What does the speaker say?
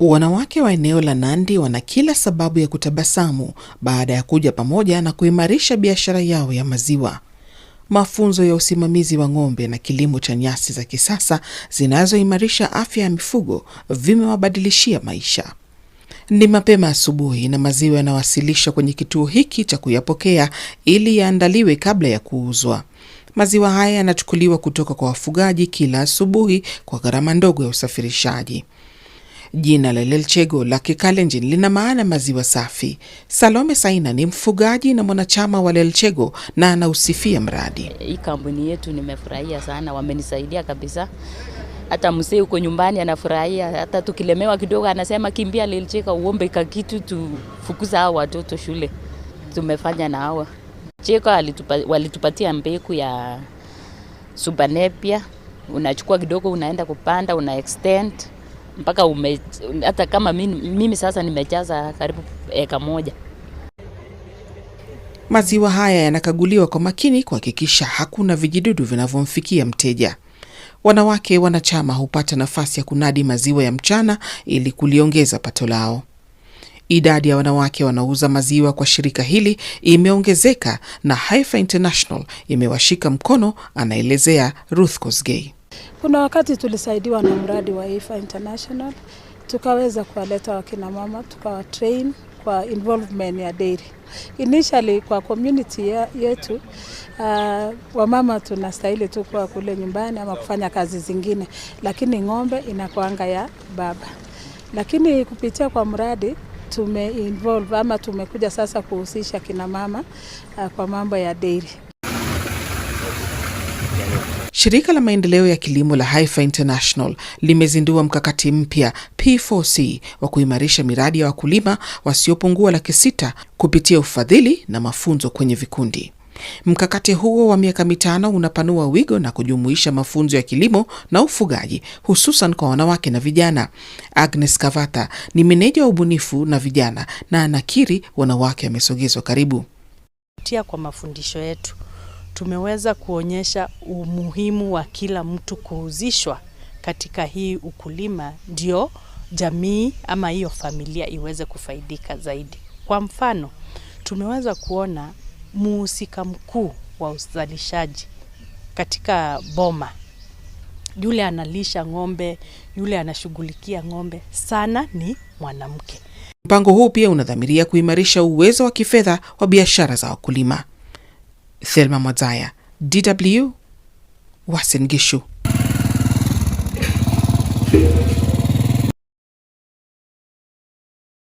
Wanawake wa eneo la Nandi wana kila sababu ya kutabasamu baada ya kuja pamoja na kuimarisha biashara yao ya maziwa. Mafunzo ya usimamizi wa ng'ombe na kilimo cha nyasi za kisasa zinazoimarisha afya ya mifugo vimewabadilishia maisha. Ni mapema asubuhi na maziwa yanawasilishwa kwenye kituo hiki cha kuyapokea ili yaandaliwe kabla ya kuuzwa. Maziwa haya yanachukuliwa kutoka kwa wafugaji kila asubuhi kwa gharama ndogo ya usafirishaji. Jina la Lelchego la Kikalenjin lina maana maziwa safi. Salome Saina ni mfugaji na mwanachama wa Lelchego na anausifia mradi. Hii kampuni yetu nimefurahia sana, wamenisaidia kabisa. Hata msee huko nyumbani anafurahia, hata tukilemewa kidogo anasema kimbia Lelchego uombe kakitu tufukuza hao watoto shule. Tumefanya na hawa Cheko alitupa, walitupatia mbegu ya subanepia, unachukua kidogo unaenda kupanda una extend mpaka ume, hata kama mimi, mimi sasa nimejaza karibu eka moja. Maziwa haya yanakaguliwa kwa makini kuhakikisha hakuna vijidudu vinavyomfikia mteja. Wanawake wanachama hupata nafasi ya kunadi maziwa ya mchana ili kuliongeza pato lao. Idadi ya wanawake wanaouza maziwa kwa shirika hili imeongezeka na Haifa International imewashika mkono, anaelezea Ruth Kosgei. Kuna wakati tulisaidiwa na mradi wa IFA International tukaweza kuwaleta wakina mama tukawa train kwa involvement ya dairy. Initially kwa community yetu uh, wamama tunastahili tu kuwa kule nyumbani ama kufanya kazi zingine, lakini ng'ombe inakuanga ya baba. Lakini kupitia kwa mradi involve ama tumekuja sasa kuhusisha kina mama uh, kwa mambo ya dairy. Shirika la maendeleo ya kilimo la Haifa International limezindua mkakati mpya P4C wa kuimarisha miradi ya wakulima wasiopungua laki sita kupitia ufadhili na mafunzo kwenye vikundi. Mkakati huo wa miaka mitano unapanua wigo na kujumuisha mafunzo ya kilimo na ufugaji hususan kwa wanawake na vijana. Agnes Kavatha ni meneja wa ubunifu na vijana na anakiri wanawake wamesogezwa karibu. Kupitia kwa mafundisho yetu tumeweza kuonyesha umuhimu wa kila mtu kuhusishwa katika hii ukulima, ndio jamii ama hiyo familia iweze kufaidika zaidi. Kwa mfano, tumeweza kuona muhusika mkuu wa uzalishaji katika boma, yule analisha ng'ombe, yule anashughulikia ng'ombe sana ni mwanamke. Mpango huu pia unadhamiria kuimarisha uwezo wa kifedha wa biashara za wakulima. Thelma Mwazaya, DW, Uasin Gishu.